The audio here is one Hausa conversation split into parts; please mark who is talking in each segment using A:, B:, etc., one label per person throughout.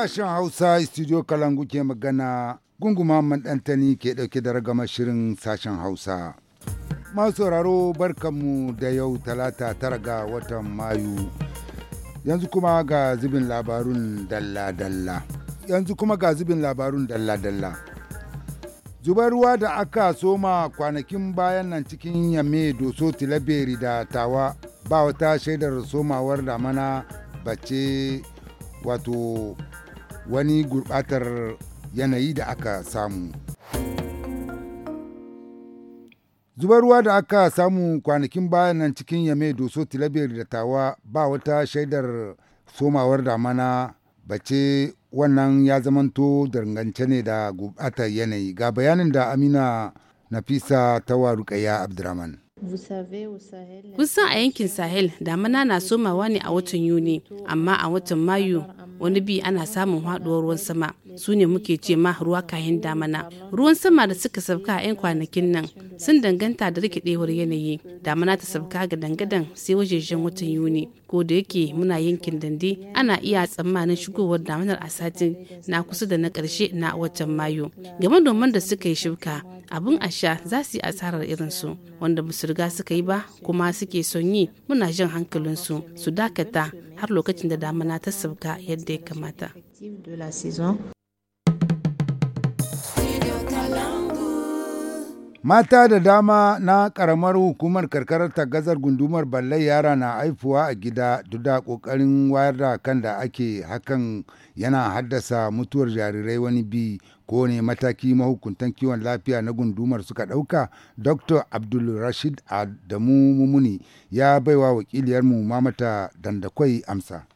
A: Sashen Hausa Studio Kalangu ke magana gunguma ɗantani ke dauke da ragamar shirin sashen Hausa. Masu sauraro barkanmu da yau talata tara ga watan Mayu. Yanzu kuma ga zubin labarun dalla-dalla. Yanzu kuma ga zubin labarun dalla-dalla. Zubar ruwa da aka soma kwanakin bayan nan cikin yamme doso tilaberi da tawa ba wata shaidar somawar damana bace wato wani gurbatar yanayi da aka samu. Zubar ruwa da aka samu kwanakin bayan nan cikin Yame Doso Tilabiyar da Tawa ba wata shaidar somawar damana bace wannan ya zamanto dangance ne da gurbatar yanayi ga bayanin da Amina Nafisa ta wa Rukaya Abdurrahman.
B: kun san a yankin Sahel damana na somawa ne a watan Yuni, amma a watan Mayu wani bi ana samun haɗuwar ruwan sama su ne muke ce ma ruwa kayan damana. Ruwan sama da suka sabka a 'yan kwanakin nan sun danganta da rikidewar yanayi. Damana ta sabka ga dangadan sai wajejen watan Yuni. ko da yake muna yankin dande ana iya tsammanin shigowar damanar a satin na kusa da na karshe na watan mayu ga domin da suka yi shuka abin a sha za su yi asarar irinsu wanda ba su riga suka yi ba kuma suke son yi muna jan hankalinsu su dakata har lokacin da damana ta sauka yadda ya kamata
A: Mata da dama na ƙaramar hukumar karkarar gazar gundumar ballai yara na haifuwa a gida duk da ƙoƙarin wayar da kan da ake hakan yana haddasa mutuwar jarirai wani bi ko ne mataki mahukuntan kiwon lafiya na gundumar suka ɗauka dr abdulrashid adamu mumuni ya baiwa wakiliyarmu mamata dandakwai amsa.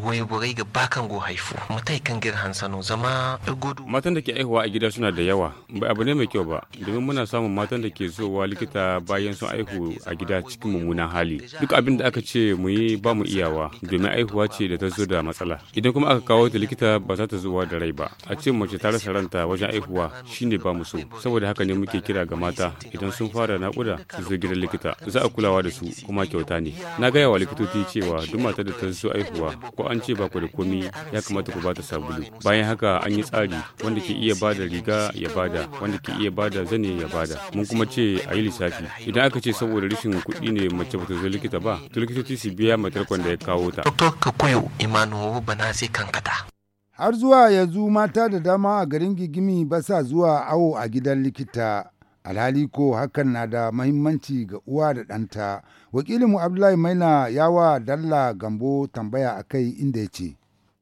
A: waye bore ga bakan go haifu mutai kan gir hansano zama gudu
C: matan da ke aihuwa a gida suna da yawa ba abu ne mai kyau ba domin muna samun matan da ke zuwa likita bayan sun aihu a gida cikin mummunan hali duk abin da aka ce mu yi ba mu iyawa domin aihuwa ce da ta zo da matsala idan kuma aka kawo ta likita ba za ta zuwa da rai ba a ce mace ta rasa ranta wajen aihuwa shine ba mu so saboda haka ne muke kira ga mata idan sun fara nakuda su zo gidan likita za a kulawa da su kuma kyauta ne na gaya wa likitoci cewa duk matar da ta zo aihuwa ko an ce ba ku da komi ya kamata ku bata sabulu bayan haka an yi tsari wanda ke iya bada riga ya bada wanda ke iya bada zane ya bada mun kuma ce a yi lissafi idan aka ce saboda rashin kuɗi ne mace ba ta zo likita ba to likitoci su biya matarkon da ya kawo ta. Dr. Kakuyo Imanu Bana sai kankata.
A: har zuwa yanzu mata da dama a garin gigimi ba sa zuwa awo a gidan likita alhali ko hakan na da mahimmanci ga uwa da ɗanta wakilinmu abdullahi maina yawa dalla gambo tambaya akai inda ya ce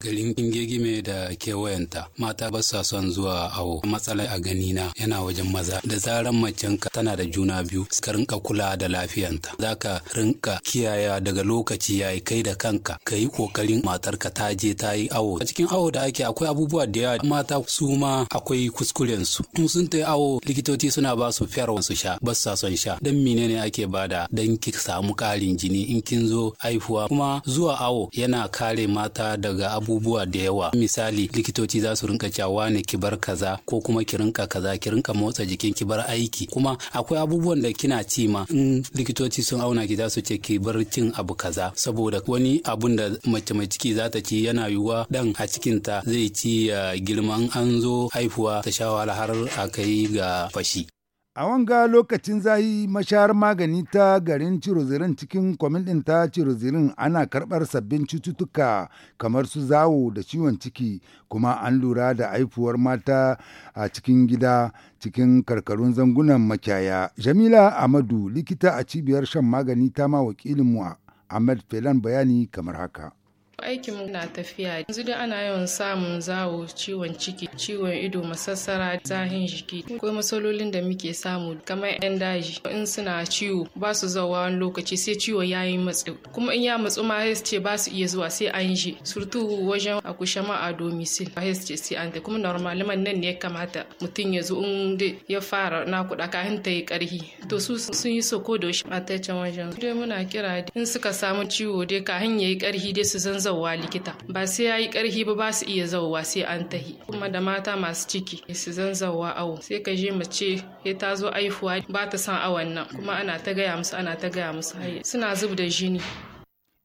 A: garin ingegime da kewayenta mata ba sa son zuwa awo matsala a gani na yana wajen maza da zaran macenka tana da juna biyu ka rinka kula da lafiyanta za ka rinka kiyaya daga lokaci yayi kai da kanka ka yi kokarin matarka ta je ta yi awo a cikin awo da ake akwai abubuwa da yawa mata su ma akwai kuskuren su in sun ta awo likitoci suna ba su fiyarwa su sha ba sa son sha dan menene ake bada dan ki samu karin jini in kin zo haifuwa? kuma zuwa awo yana kare mata daga abu abubuwa da yawa misali likitoci za su rinka cewa ne ki bar kaza ko kuma ki rinka kaza ki rinka motsa jikin ki bar aiki kuma akwai abubuwan da kina ci ma in likitoci sun auna ki za su ce ki bar cin abu kaza saboda wani abun da mace mai ciki za ta ci yana yiwuwa dan a cikin ta zai ci girman an zo haifuwa ta sha wahala har a kai ga fashi A wanga lokacin zai mashayar magani ta garin Cirozirin cikin Kwamitin ta Cirozirin ana karɓar sabbin cututtuka kamar su zawo da ciwon ciki kuma an lura da haifuwar mata a cikin gida cikin karkarun zangunan makiyaya. Jamila Amadu likita a cibiyar shan magani ta ma wakilinmu Ahmed Felan bayani kamar haka.
B: aikin na tafiya yanzu dai ana yawan samun zawo ciwon ciki ciwon ido masassara zahin jiki ko masalolin da muke samu kamar yan daji in suna ciwo ba su zawa wani lokaci sai ciwo ya yi matsi kuma in ya matsu ma hes ce ba su iya zuwa sai an ji. surtu wajen a akushe ma a domisil ba hes ce sai an ta kuma normal man nan ne ya kamata mutum ya zo in ya fara nakuɗa kafin ta yi ƙarfi to su sun yi soko da shi a taicen wajen dai muna kira in suka samu ciwo dai kafin ya yi ƙarfi dai su zanzan zauwa likita ba sai ya yi ƙarfi ba ba su iya zauwa sai an tahi kuma da mata masu ciki su zan zauwa awo sai ka je mace ya ta zo aifuwa ba ta san awon nan kuma ana ta gaya musu ana ta gaya musu suna zub da jini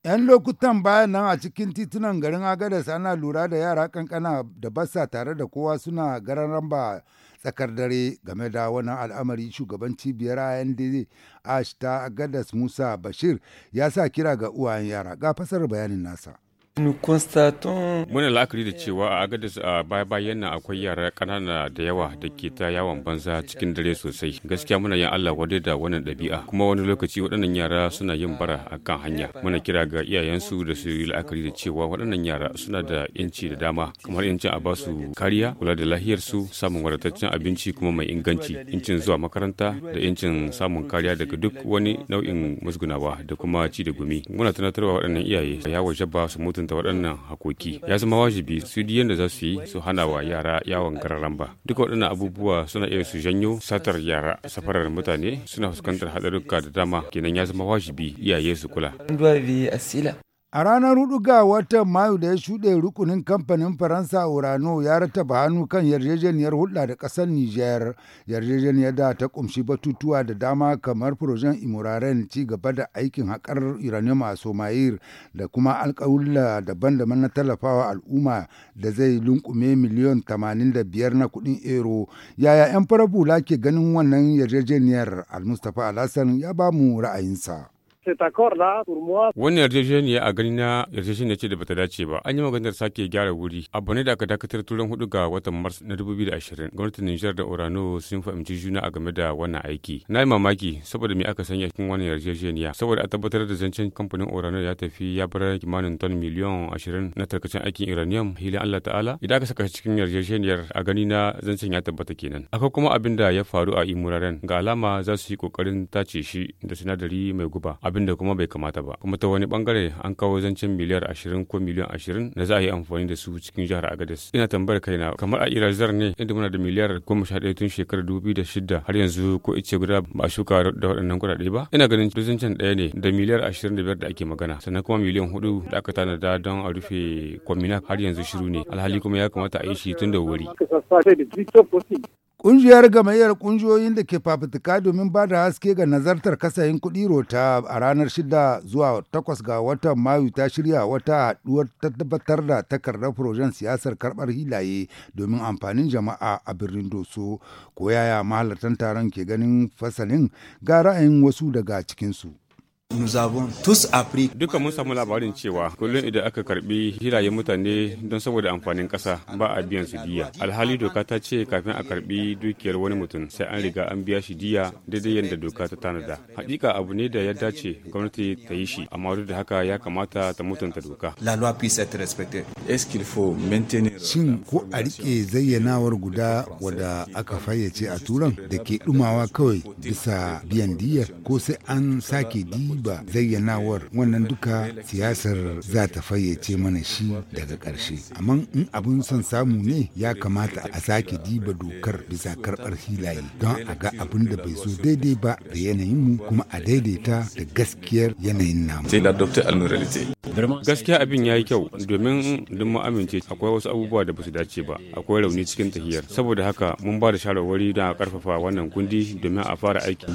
A: 'yan lokutan bayan nan a cikin titunan garin agadas ana lura da yara kankana da basa tare da kowa suna garan ramba tsakar dare game da wannan al'amari shugaban cibiyar AND ash ta agadas musa bashir ya sa kira ga uwayen yara ga fasar bayanin nasa Muna
C: la'akari da cewa a agadis a baya-bayan nan akwai yara ƙanana da yawa da ke ta yawon banza cikin dare sosai. Gaskiya muna yin Allah wadai da wannan ɗabi'a kuma wani lokaci waɗannan yara suna yin bara a kan hanya. Muna kira ga iyayensu da su yi la'akari da cewa waɗannan yara suna da inci da dama kamar yancin a basu kariya, kula da lahiyarsu, samun wadataccen abinci kuma mai inganci, incin zuwa makaranta da incin samun kariya daga duk wani nau'in musgunawa da kuma ci da gumi. Muna tunatarwa waɗannan iyaye ya waje ba su mutu mutunta waɗannan hakoki ya zama wajibi su yi yadda za su yi su hana wa yara yawon gararan ba duka waɗannan abubuwa suna iya su janyo satar yara safarar mutane suna fuskantar haɗarurruka da dama kenan ya zama wajibi iyaye su kula
A: A ranar 4 watan Mayu da ya shuɗe rukunin kamfanin Faransa Urano ya rattaba hannu kan yarjejeniyar hulɗa da ƙasar Nijar, yarjejeniyar da ta ƙumshi batutuwa da dama kamar furojen Imuraren ci gaba da aikin haƙar Uranium a Somayir da kuma alƙawulla daban-daban na tallafawa al'umma da zai lunkume miliyon 85 na kuɗin ero. Yaya 'yan farar ke ganin wannan yarjejeniyar Al-Mustapha Alhassan ya ba mu ra'ayinsa.
C: Wannan yarjejeniya a gani na yarjejeniya ce da bata dace ba. An yi maganar sake gyara wuri. Abu ne da aka dakatar turan hudu ga watan Mars na biyu 2020. Gwamnatin Nijar da Orano sun fahimci juna a game da wannan aiki. Na yi mamaki saboda me aka sanya cikin wannan yarjejeniya. Saboda a tabbatar da zancen kamfanin Orano ya tafi ya bar kimanin ton miliyan ashirin. na tarkacen aikin uranium hilin Allah Ta'ala. Idan aka saka cikin yarjejeniyar a gani na zancen ya tabbata kenan. Akwai kuma abin da ya faru a Imuraren ga alama za su yi kokarin tace shi da sinadari mai guba. abin da kuma bai kamata ba kuma ta wani bangare an kawo zancen miliyar ashirin ko miliyan ashirin da za a yi amfani da su cikin jihar agadez ina tambayar na kamar a irazar ne inda muna da miliyar goma sha ɗaya tun shekarar dubu da shida har yanzu ko ice guda ba a shuka da waɗannan kuɗaɗe ba ina ganin zancen ɗaya ne da miliyar ashirin da biyar da ake magana sannan kuma miliyan hudu da aka tanada don a rufe kwamina har yanzu shiru ne alhali kuma ya kamata a yi shi tun da wuri
A: Ƙungiyar gamayyar ƙungiyoyin da ke fafutuka domin ba da haske ga nazartar kasayin kuɗi rota a ranar 6 zuwa 8 ga watan Mayu ta shirya wata haɗuwar ta tabbatar da takardar furojen siyasar karɓar hilaye domin amfanin jama'a a birnin Doso. Ko yaya mahalartan taron ke ganin fasalin ga ra'ayin wasu daga cikinsu.
C: Duka mun samu labarin cewa kullum idan aka karbi hirayen mutane don saboda amfanin ƙasa ba a biyan su diya. Alhali doka ta ce kafin a karbi dukiyar wani mutum sai an riga an biya shi diya daidai yadda doka ta tanada. Hakika abu ne da ya dace gwamnati ta yi shi amma duk da haka ya kamata ta mutunta doka.
A: Shin ko a rike zayyanawar guda wadda aka fayyace a turan da ke dumawa kawai bisa biyan diyar ko sai an sake diya diba zayyanawar wannan duka siyasar za ta fayyace mana shi daga ƙarshe amma in abin son samu ne ya kamata a sake diba dokar bisa karɓar hilaye don a ga abin da bai zo daidai ba da yanayinmu kuma a daidaita da gaskiyar yanayin namu
C: gaskiya abin ya yi kyau domin duk mu amince akwai wasu abubuwa da basu dace ba akwai rauni cikin tahiyar saboda haka mun ba da shawarwari don a karfafa wannan kundi domin a fara aiki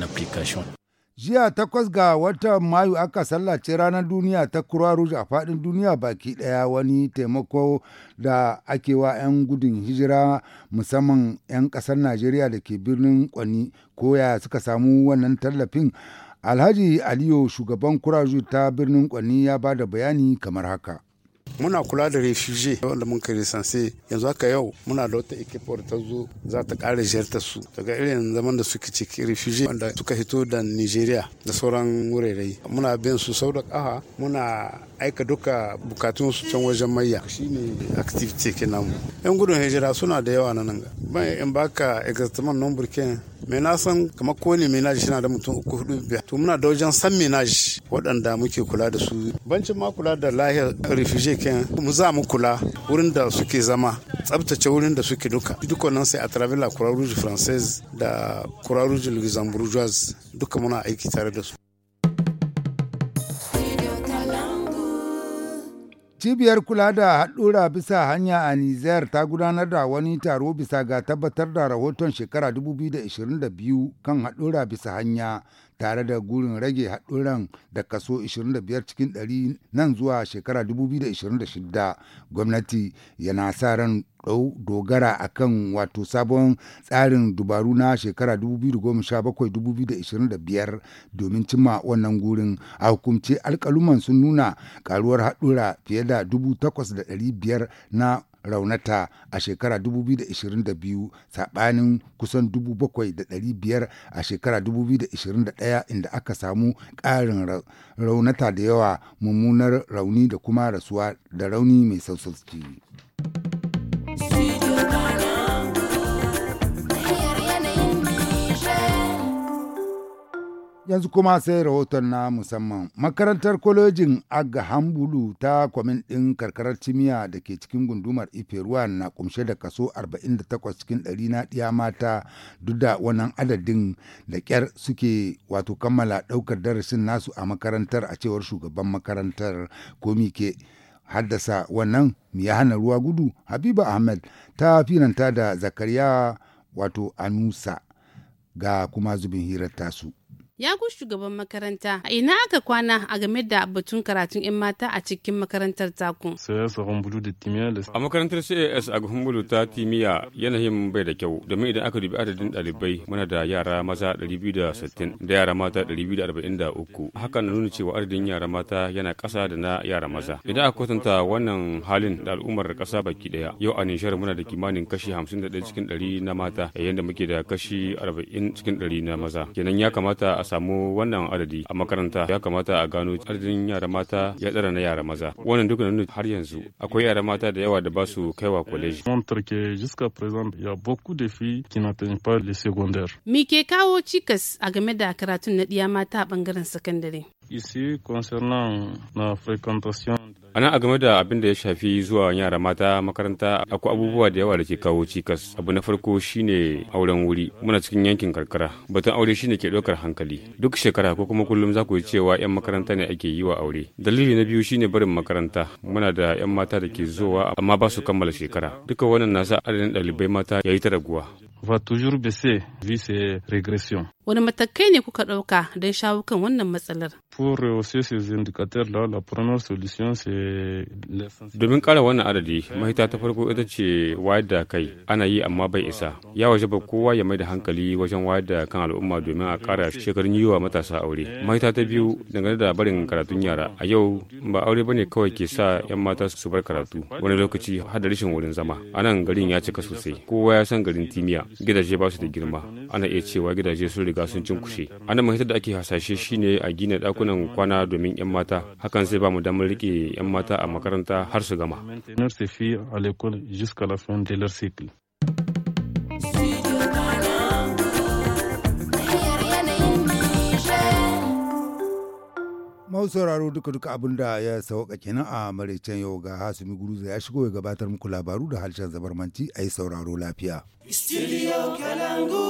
A: Jiya takwas ga watan Mayu aka sallace ranar duniya ta Kura Rouge a faɗin duniya baki ɗaya wani taimako da ake wa 'yan gudun hijira musamman 'yan ƙasar Najeriya da ke birnin Kwani koya suka samu wannan tallafin. Alhaji Aliyu shugaban Croix ta birnin Kwani ya ba da bayani kamar haka. muna kula da refugee wanda mun kai sanse yanzu haka yau muna da wata ekipar ta zo za ta ƙara ziyartar su daga irin zaman da suke ciki refugee wanda suka hito da nigeria da sauran wurare muna bin su sau da ƙafa muna aika duka bukatun su can wajen mayya shine activity ke namu yan gudun hijira suna da yawa na nan ga ban in baka exactement number ken me na san kamar ko ne menaj na da mutum uku hudu biyar to muna da wajen san menaj waɗanda muke kula da su bancin ma kula da lahiyar refugee kin mu za mu kula wurin da suke zama tsabtace wurin da suke duka duka sai a travel la croix rouge française da croix rouge luxembourgeoise duka muna aiki tare da su Cibiyar kula da haɗura bisa hanya a Nijar ta gudanar da wani taro bisa ga tabbatar da rahoton shekara 2022 kan haɗura bisa hanya tare da gurin rage haɗuran da kaso 25 cikin 100 nan zuwa shekara 2026 gwamnati yana sa ran dogara a kan wato sabon tsarin dubaru na shekara 2017-2025 domin cimma wannan gurin a hukumce alkaluman sun nuna karuwar haɗura fiye da 8,500 na raunata a shekara 2022 saɓanin kusan 7,500 a shekara 2021 inda aka samu ƙarin raunata da yawa mummunar rauni da kuma rasuwa da rauni mai sassauci. yanzu kuma sai rahoton na musamman makarantar kwalejin aga hambulu ta kwamin ɗin karkarar cimiya da ke cikin gundumar ife na kumshe da kaso 48 cikin 100 na ɗiya mata duk da wannan adadin da ƙyar suke wato kammala ɗaukar darasin nasu a makarantar a cewar shugaban makarantar komi ke haddasa wannan ya hana ruwa gudu habiba ahmed ta firanta da zakariya wato anusa ga kuma zubin hirar tasu
B: ya ku shugaban makaranta a ina aka kwana a game da batun karatun 'yan mata a cikin makarantar taku
C: a makarantar cas a gumbulu ta timiya yanayin bai da kyau domin idan aka dubi adadin dalibai muna da yara maza 260 da yara mata 243 hakan na nuna cewa adadin yara mata yana ƙasa da na yara maza idan aka kwatanta wannan halin da al'ummar ƙasa baki daya yau a nishar muna da kimanin kashi 51 cikin 100 na mata yayin da muke da kashi 40 cikin 100 na maza kenan ya kamata a samu wannan adadi a makaranta ya kamata a gano adadin yara mata ya tsara na yara maza wannan duk nuna har yanzu akwai yara mata da yawa da ba su kaiwa kwaleji
B: mi ke kawo cikas a game da karatun na ɗiya mata a bangaren sakandare
C: ici concernant la fréquentation A nan a game da abin da ya shafi zuwa yara mata makaranta akwai abubuwa da yawa da ke kawo cikas. Abu na farko shine auren wuri. Muna cikin yankin karkara. Batun aure shine ke ɗaukar hankali. Duk shekara ko kuma kullum za ku yi cewa 'yan makaranta ne ake yi wa aure. Dalili na biyu shine barin makaranta. Muna da 'yan mata da ke zuwa amma ba su kammala shekara. Duka wannan na sa adadin ɗalibai mata ya yi ta raguwa. va toujours baisser vu ces régressions.
B: wani matakai ne kuka ɗauka don shawo kan wannan matsalar?
C: Domin ƙara wannan adadi, mahita ta farko ita ce wayar da kai ana yi amma bai isa. Ya waje ba kowa ya mai da hankali wajen wayar da kan al'umma domin a kara shekarun yiwa matasa aure. Mahita ta biyu dangane da barin karatun yara a yau ba aure bane kawai ke sa 'yan mata su bar karatu wani lokaci har da rashin wurin zama. anan garin ya cika sosai. Kowa ya san garin Timiya gidaje ba su da girma. Ana iya cewa gidaje sun riga riga sun cinkushe ana mahitar da ake hasashe shine a gina dakunan kwana domin yan mata hakan zai ba mu damar rike yan mata a makaranta har su gama
A: mau sauraro duka duka abin da ya sauka kenan a maraicen yau ga hasumi guruza ya shigo ya gabatar muku labaru da harshen zabarmanci a yi sauraro lafiya. Studio
B: Kalangu.